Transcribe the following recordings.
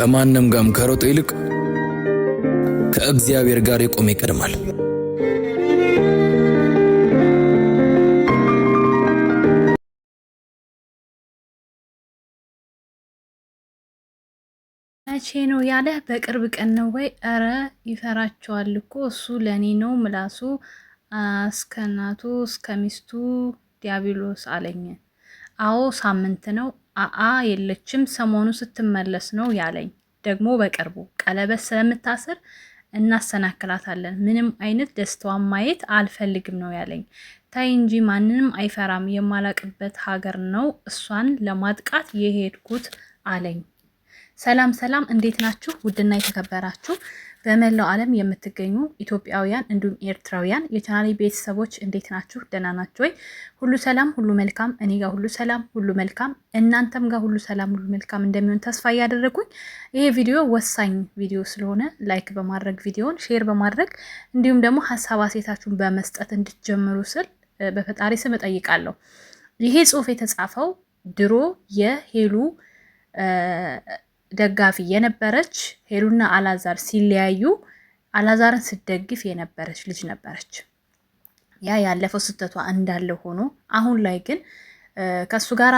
ከማንም ጋም ከሮጠ ይልቅ ከእግዚአብሔር ጋር የቆመ ይቀድማል። መቼ ነው ያለ በቅርብ ቀን ነው ወይ? እረ ይፈራቸዋል እኮ እሱ ለእኔ ነው ምላሱ እስከ እናቱ እስከ ሚስቱ ዲያብሎስ አለኝ። አዎ ሳምንት ነው አአ የለችም ሰሞኑ ስትመለስ ነው ያለኝ። ደግሞ በቅርቡ ቀለበት ስለምታስር እናሰናክላታለን። ምንም አይነት ደስታዋን ማየት አልፈልግም ነው ያለኝ። ታይ እንጂ ማንንም አይፈራም። የማላቅበት ሀገር ነው እሷን ለማጥቃት የሄድኩት አለኝ። ሰላም ሰላም፣ እንዴት ናችሁ? ውድና የተከበራችሁ በመላው ዓለም የምትገኙ ኢትዮጵያውያን እንዲሁም ኤርትራውያን የቻናሌ ቤተሰቦች እንዴት ናችሁ? ደህና ናችሁ ወይ? ሁሉ ሰላም፣ ሁሉ መልካም። እኔ ጋር ሁሉ ሰላም፣ ሁሉ መልካም። እናንተም ጋር ሁሉ ሰላም፣ ሁሉ መልካም እንደሚሆን ተስፋ እያደረጉኝ ይሄ ቪዲዮ ወሳኝ ቪዲዮ ስለሆነ ላይክ በማድረግ ቪዲዮን ሼር በማድረግ እንዲሁም ደግሞ ሀሳብ አሴታችሁን በመስጠት እንድትጀምሩ ስል በፈጣሪ ስም እጠይቃለሁ። ይሄ ጽሁፍ የተጻፈው ድሮ የሄሉ ደጋፊ የነበረች ሄሉና አላዛር ሲለያዩ አላዛርን ስደግፍ የነበረች ልጅ ነበረች። ያ ያለፈው ስህተቷ እንዳለ ሆኖ አሁን ላይ ግን ከእሱ ጋራ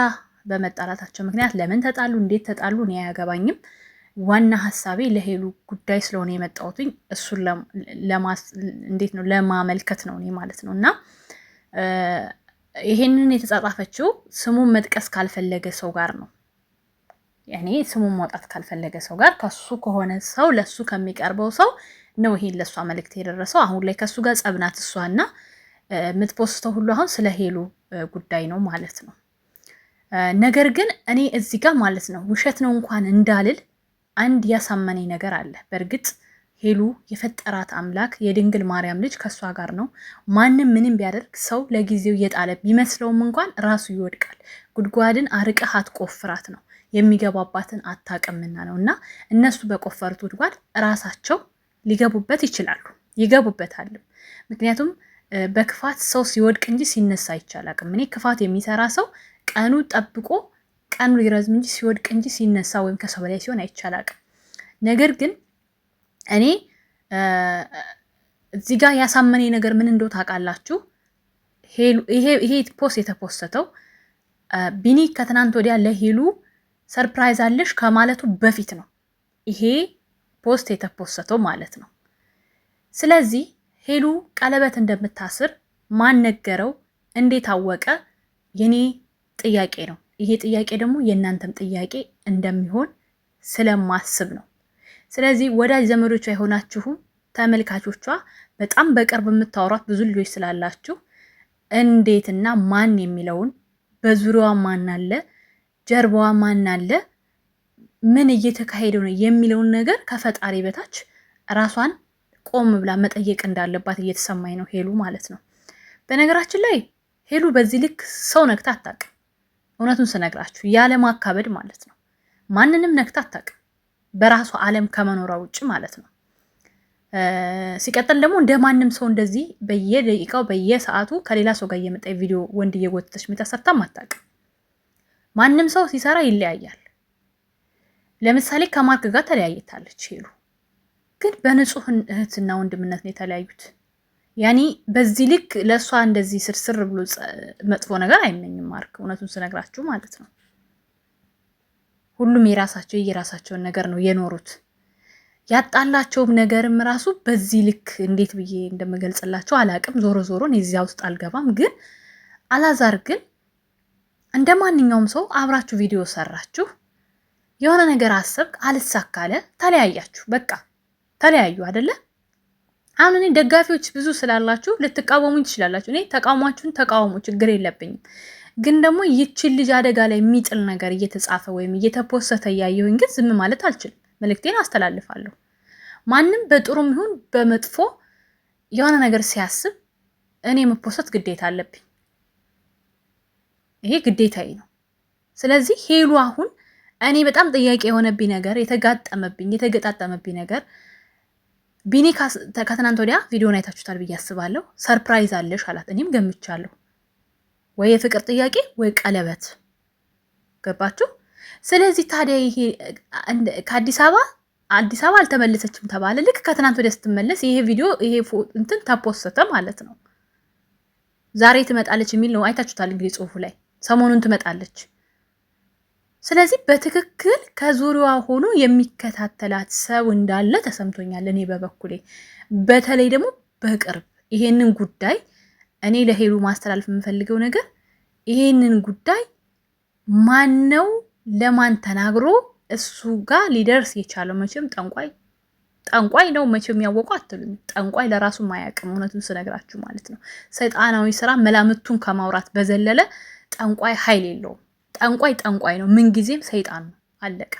በመጣላታቸው ምክንያት ለምን ተጣሉ፣ እንዴት ተጣሉ እኔ አያገባኝም። ዋና ሀሳቤ ለሄሉ ጉዳይ ስለሆነ የመጣሁትኝ እሱን እንዴት ነው ለማመልከት ነው እኔ ማለት ነው። እና ይሄንን የተጻጻፈችው ስሙን መጥቀስ ካልፈለገ ሰው ጋር ነው ያኔ ስሙን ማውጣት ካልፈለገ ሰው ጋር ከሱ ከሆነ ሰው ለሱ ከሚቀርበው ሰው ነው ይሄን ለእሷ መልእክት የደረሰው። አሁን ላይ ከሱ ጋር ጸብናት እሷና የምትፖስተው ሁሉ አሁን ስለ ሄሉ ጉዳይ ነው ማለት ነው። ነገር ግን እኔ እዚህ ጋር ማለት ነው ውሸት ነው እንኳን እንዳልል አንድ ያሳመነኝ ነገር አለ። በእርግጥ ሄሉ የፈጠራት አምላክ የድንግል ማርያም ልጅ ከእሷ ጋር ነው። ማንም ምንም ቢያደርግ ሰው ለጊዜው እየጣለ ቢመስለውም እንኳን ራሱ ይወድቃል። ጉድጓድን አርቀህ አትቆፍራት ነው የሚገባባትን አታቅምና ነው። እና እነሱ በቆፈሩት ጉድጓድ እራሳቸው ሊገቡበት ይችላሉ ይገቡበታልም። ምክንያቱም በክፋት ሰው ሲወድቅ እንጂ ሲነሳ አይቻላቅም። እኔ ክፋት የሚሰራ ሰው ቀኑ ጠብቆ ቀኑ ሊረዝም እንጂ ሲወድቅ እንጂ ሲነሳ ወይም ከሰው በላይ ሲሆን አይቻላቅም። ነገር ግን እኔ እዚህ ጋር ያሳመነኝ ነገር ምን እንደው ታውቃላችሁ? ይሄ ፖስት የተፖሰተው ቢኒ ከትናንት ወዲያ ለሄሉ ሰርፕራይዝ አለሽ ከማለቱ በፊት ነው ይሄ ፖስት የተፖሰተው ማለት ነው። ስለዚህ ሄሉ ቀለበት እንደምታስር ማን ነገረው? እንዴት አወቀ? የኔ ጥያቄ ነው። ይሄ ጥያቄ ደግሞ የእናንተም ጥያቄ እንደሚሆን ስለማስብ ነው። ስለዚህ ወዳጅ ዘመዶቿ የሆናችሁም ተመልካቾቿ በጣም በቅርብ የምታወሯት ብዙ ልጆች ስላላችሁ እንዴትና ማን የሚለውን በዙሪያዋ ማን አለ ጀርባዋ ማን አለ፣ ምን እየተካሄደ ነው የሚለውን ነገር ከፈጣሪ በታች ራሷን ቆም ብላ መጠየቅ እንዳለባት እየተሰማኝ ነው ሄሉ ማለት ነው። በነገራችን ላይ ሄሉ በዚህ ልክ ሰው ነግታ አታውቅም። እውነቱን ስነግራችሁ ያለ አካበድ ማለት ነው። ማንንም ነግታ አታውቅም በራሷ ዓለም ከመኖሯ ውጭ ማለት ነው። ሲቀጥል ደግሞ እንደ ማንም ሰው እንደዚህ በየደቂቃው በየሰዓቱ ከሌላ ሰው ጋር እየመጣ ቪዲዮ ወንድ እየጎተተች ምታሰርታም አታውቅም። ማንም ሰው ሲሰራ ይለያያል። ለምሳሌ ከማርክ ጋር ተለያይታለች ሄሉ፣ ግን በንጹህ እህትና ወንድምነት ነው የተለያዩት። ያኔ በዚህ ልክ ለእሷ እንደዚህ ስርስር ብሎ መጥፎ ነገር አይመኝም ማርክ፣ እውነቱን ስነግራችሁ ማለት ነው። ሁሉም የራሳቸው የራሳቸውን ነገር ነው የኖሩት። ያጣላቸውም ነገርም ራሱ በዚህ ልክ እንዴት ብዬ እንደምገልጽላቸው አላቅም። ዞሮ ዞሮን የዚያ ውስጥ አልገባም። ግን አላዛር ግን እንደ ማንኛውም ሰው አብራችሁ ቪዲዮ ሰራችሁ፣ የሆነ ነገር አሰብክ፣ አልሳካለ፣ ተለያያችሁ። በቃ ተለያዩ አደለ? አሁን እኔ ደጋፊዎች ብዙ ስላላችሁ ልትቃወሙኝ ትችላላችሁ። እኔ ተቃውሟችሁን ተቃውሞ ችግር የለብኝም። ግን ደግሞ ይችን ልጅ አደጋ ላይ የሚጥል ነገር እየተጻፈ ወይም እየተፖሰተ እያየሁኝ ግን ዝም ማለት አልችልም። መልእክቴን አስተላልፋለሁ። ማንም በጥሩም ይሁን በመጥፎ የሆነ ነገር ሲያስብ እኔ መፖሰት ግዴታ አለብኝ። ይሄ ግዴታዬ ነው። ስለዚህ ሄሉ አሁን እኔ በጣም ጥያቄ የሆነብኝ ነገር የተጋጠመብኝ የተገጣጠመብኝ ነገር ቢኒ ከትናንት ወዲያ ቪዲዮን አይታችሁታል ብዬ አስባለሁ። ሰርፕራይዝ አለሽ አላት። እኔም ገምቻለሁ ወይ የፍቅር ጥያቄ ወይ ቀለበት። ገባችሁ? ስለዚህ ታዲያ ይሄ ከአዲስ አበባ አዲስ አበባ አልተመለሰችም ተባለ። ልክ ከትናንት ወዲያ ስትመለስ ይሄ ቪዲዮ ይሄ እንትን ተፖሰተ ማለት ነው። ዛሬ ትመጣለች የሚል ነው። አይታችሁታል እንግዲህ ጽሁፉ ላይ ሰሞኑን ትመጣለች። ስለዚህ በትክክል ከዙሪዋ ሆኖ የሚከታተላት ሰው እንዳለ ተሰምቶኛል። እኔ በበኩሌ በተለይ ደግሞ በቅርብ ይሄንን ጉዳይ እኔ ለሄሉ ማስተላለፍ የምፈልገው ነገር ይሄንን ጉዳይ ማን ነው ለማን ተናግሮ እሱ ጋር ሊደርስ የቻለው? መቼም ጠንቋይ ጠንቋይ ነው መቼም ያወቁ አትሉኝ። ጠንቋይ ለራሱ ማያቅም እውነቱን ስነግራችሁ ማለት ነው። ሰይጣናዊ ስራ መላምቱን ከማውራት በዘለለ ጠንቋይ ኃይል የለውም። ጠንቋይ ጠንቋይ ነው፣ ምንጊዜም ሰይጣን ነው። አለቀ።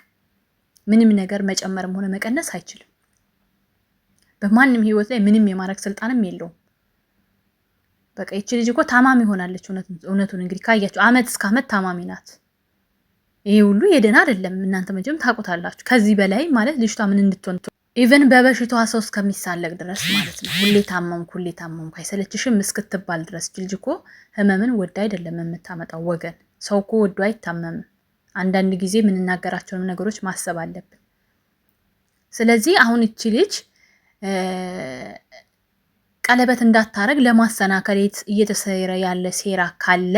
ምንም ነገር መጨመርም ሆነ መቀነስ አይችልም። በማንም ህይወት ላይ ምንም የማድረግ ስልጣንም የለውም። በቃ ይቺ ልጅ እኮ ታማሚ ሆናለች። እውነቱን እንግዲህ ካያችሁ አመት እስከ አመት ታማሚ ናት። ይሄ ሁሉ የደህና አይደለም። እናንተ መቼም ታውቁታላችሁ። ከዚህ በላይ ማለት ልጅቷ ምን እንድትሆን ኢቨን በበሽታዋ ሰው እስከሚሳለቅ ድረስ ማለት ነው። ሁሌ ታመምኩ ሁሌ ታመምኩ አይሰለችሽም እስክትባል ድረስ ጅልጅኮ እኮ ህመምን ወድ አይደለም የምታመጣው ወገን። ሰው እኮ ወዱ አይታመምም። አንዳንድ ጊዜ የምንናገራቸውንም ነገሮች ማሰብ አለብን። ስለዚህ አሁን እቺ ልጅ ቀለበት እንዳታረግ ለማሰናከል እየተሰረ ያለ ሴራ ካለ፣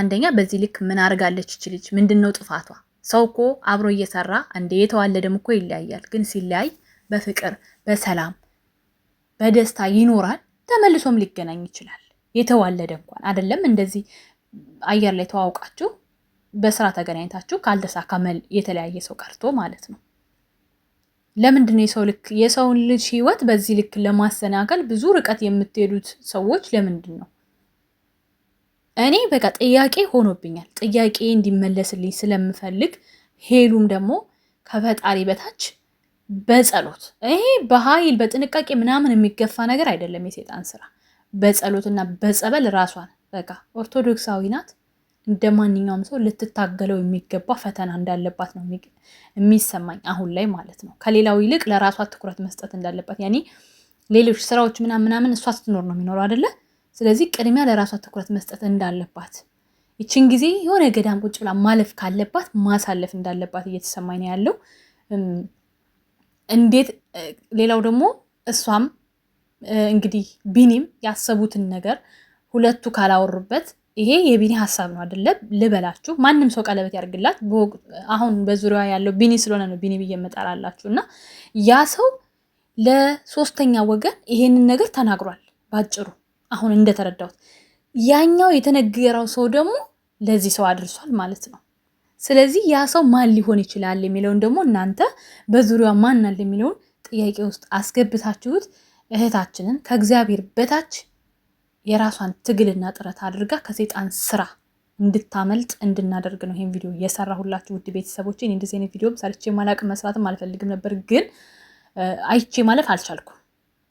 አንደኛ በዚህ ልክ ምን አርጋለች እቺ ልጅ? ምንድን ነው ጥፋቷ? ሰው እኮ አብሮ እየሰራ እንደ የተዋለደም እኮ ይለያያል። ግን ሲለያይ በፍቅር በሰላም በደስታ ይኖራል። ተመልሶም ሊገናኝ ይችላል። የተዋለደ እንኳን አይደለም እንደዚህ አየር ላይ ተዋውቃችሁ በስራ ተገናኝታችሁ ካልተሳካ የተለያየ ሰው ቀርቶ ማለት ነው። ለምንድን ነው የሰው ልክ የሰውን ልጅ ህይወት በዚህ ልክ ለማሰናከል ብዙ ርቀት የምትሄዱት ሰዎች ለምንድን ነው? እኔ በቃ ጥያቄ ሆኖብኛል። ጥያቄ እንዲመለስልኝ ስለምፈልግ ሄሉም ደግሞ ከፈጣሪ በታች በጸሎት ይሄ በኃይል በጥንቃቄ ምናምን የሚገፋ ነገር አይደለም። የሴጣን ስራ በጸሎትና በጸበል ራሷን በቃ ኦርቶዶክሳዊ ናት። እንደ ማንኛውም ሰው ልትታገለው የሚገባ ፈተና እንዳለባት ነው የሚሰማኝ አሁን ላይ ማለት ነው። ከሌላው ይልቅ ለራሷ ትኩረት መስጠት እንዳለባት ያኔ ሌሎች ስራዎች ምናምን ምናምን እሷ ስትኖር ነው የሚኖረው አይደለ ስለዚህ ቅድሚያ ለራሷ ትኩረት መስጠት እንዳለባት ይችን ጊዜ የሆነ ገዳም ቁጭ ብላ ማለፍ ካለባት ማሳለፍ እንዳለባት እየተሰማኝ ነው ያለው። እንዴት ሌላው ደግሞ እሷም እንግዲህ ቢኒም ያሰቡትን ነገር ሁለቱ ካላወሩበት ይሄ የቢኒ ሀሳብ ነው አደለ? ልበላችሁ፣ ማንም ሰው ቀለበት ያርግላት። አሁን በዙሪያ ያለው ቢኒ ስለሆነ ነው ቢኒ ብዬ መጠራላችሁ። እና ያ ሰው ለሶስተኛ ወገን ይሄንን ነገር ተናግሯል ባጭሩ አሁን እንደተረዳሁት ያኛው የተነገረው ሰው ደግሞ ለዚህ ሰው አድርሷል ማለት ነው። ስለዚህ ያ ሰው ማን ሊሆን ይችላል የሚለውን ደግሞ እናንተ በዙሪያ ማን አለ የሚለውን ጥያቄ ውስጥ አስገብታችሁት እህታችንን ከእግዚአብሔር በታች የራሷን ትግልና ጥረት አድርጋ ከሴጣን ስራ እንድታመልጥ እንድናደርግ ነው ይህን ቪዲዮ የሰራሁላችሁ ውድ ቤተሰቦች። እንደዚህ አይነት ቪዲዮም ሰርቼ ማላቅ መስራትም አልፈልግም ነበር፣ ግን አይቼ ማለፍ አልቻልኩም።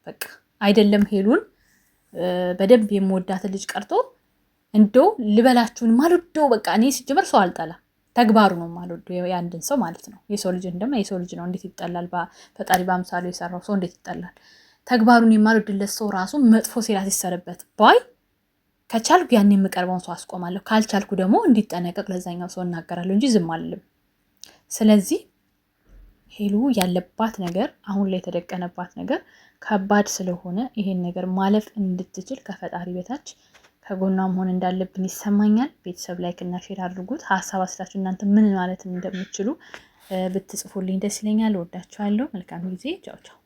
በቃ አይደለም ሄሉን በደንብ የምወዳትን ልጅ ቀርቶ እንደው ልበላችሁን ማልዶ በቃ እኔ ሲጀምር ሰው አልጠላ ተግባሩ ነው ማልዶ የአንድን ሰው ማለት ነው። የሰው ልጅ እንደማ የሰው ልጅ ነው እንዴት ይጠላል? ፈጣሪ በአምሳሉ የሰራው ሰው እንዴት ይጠላል? ተግባሩን የማልወድለት ሰው ራሱ መጥፎ ሴራ ሲሰርበት ባይ ከቻልኩ ያን የምቀርበውን ሰው አስቆማለሁ፣ ካልቻልኩ ደግሞ እንዲጠነቀቅ ለዛኛው ሰው እናገራለሁ እንጂ ዝም አልልም። ስለዚህ ሄሉ ያለባት ነገር አሁን ላይ የተደቀነባት ነገር ከባድ ስለሆነ ይሄን ነገር ማለፍ እንድትችል ከፈጣሪ በታች ከጎኗም መሆን እንዳለብን ይሰማኛል። ቤተሰብ ላይክ እና ሼር አድርጉት። ሀሳብ አስታችሁ እናንተ ምን ማለት እንደምችሉ ብትጽፉልኝ ደስ ይለኛል። ወዳችኋለሁ። መልካም ጊዜ። ቻው ቻው።